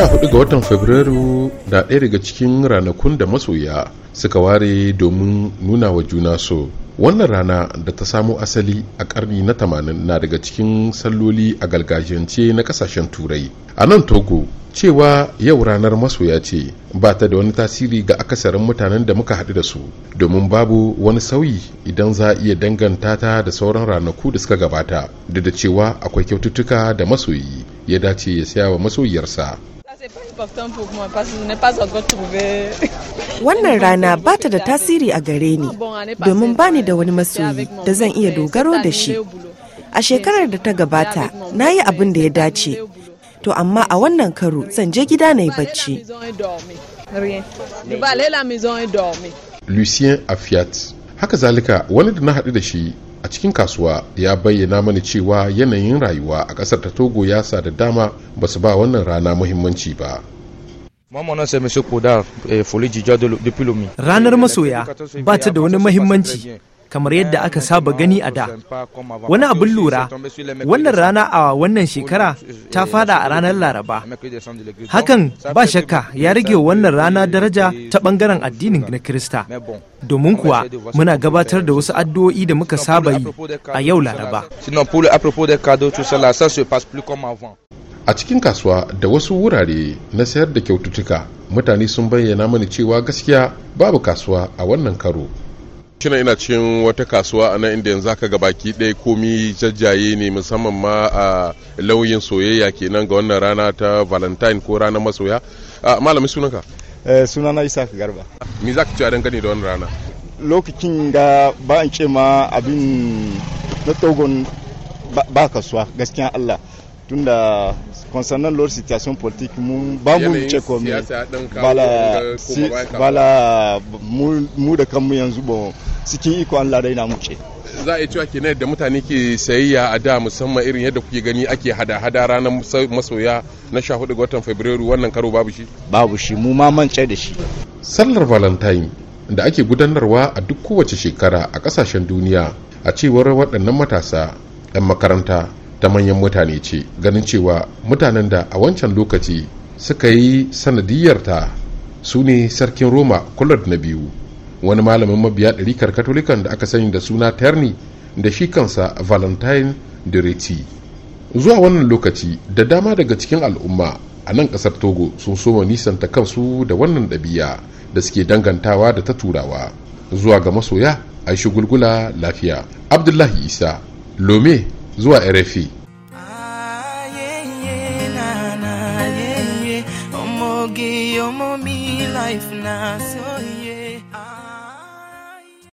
14 ga watan fabrairu na ɗaya daga cikin ranakun da masoya suka ware domin nuna wa juna so wannan rana da ta samo asali a ƙarni na tamanin na daga cikin salloli a galgajiyance na ƙasashen turai a nan togo cewa yau ranar masoya ce ba ta da wani tasiri ga akasarin mutanen da muka haɗu da su domin babu wani sauyi idan za a iya danganta ta da sauran ranaku da suka gabata duk da cewa akwai kyaututtuka da masoyi ya dace ya siya wa masoyiyarsa Wannan rana ba ta da tasiri a gare ni domin ba ni da wani masoyi da zan iya dogaro da shi. A shekarar da ta gabata na yi abin da ya dace, to amma a wannan karo zan je gida na yi bacci. Lucien Afiat haka zalika wani da na haɗu da shi a cikin kasuwa ya bayyana mani cewa yanayin rayuwa a ƙasar ta togo ya sa da dama ba su ba wannan rana muhimmanci ba eh, ranar masoya ba ta da wani muhimmanci. kamar yadda aka saba gani a da wani abin lura wannan rana a wannan shekara ta fada a ranar laraba hakan ba shakka ya rage wannan rana daraja ta bangaren addinin na kirista domin kuwa muna gabatar da wasu addu'o'i da muka saba yi a yau laraba a cikin kasuwa da wasu wurare na sayar da kyaututtuka mutane sun bayyana mani cewa gaskiya babu kasuwa a wannan karo tuna ina cin wata kasuwa a nan inda yanzu ga baki ɗaya komi jajjaye ne musamman ma a lauyin soyayya kenan ga wannan rana ta Valentine ko ranar masoya. Malami sunanka? Eh, sunana ka Garba. Me za ka ci a dangane da wannan rana? Lokacin ga ba in ce ma abin na togon ba kasuwa gaskiya Allah. tunda concernant leur situation politique mun ba mu ce mi bala si, bala mu da kanmu yanzu bon cikin iko la dai na muke za a yi cewa kenan da mutane ke sayayya a da musamman irin yadda kuke gani ake hada-hada ranar masoya na 14 ga watan Fabrairu wannan karo babu shi babu shi mu ma mance da shi sallar valentine da ake gudanarwa a duk kowace shekara a kasashen duniya a cewar waɗannan matasa 'yan makaranta ta manyan mutane ce ganin cewa mutanen da a wancan lokaci suka yi sanadiyarta su ne sarkin roma kullard na biyu wani malamin mabiya ɗarikar katolikan da aka sani da suna terni da shi kansa valentine direti zuwa wannan lokaci da dama daga cikin al'umma a nan ƙasar togo sun soma nisanta kansu da wannan ɗabi'a da suke dangantawa da ta turawa zuwa ga masoya a shugulgula lafiya abdullahi isa lome zuwa RFI. Ah, omo mi life na so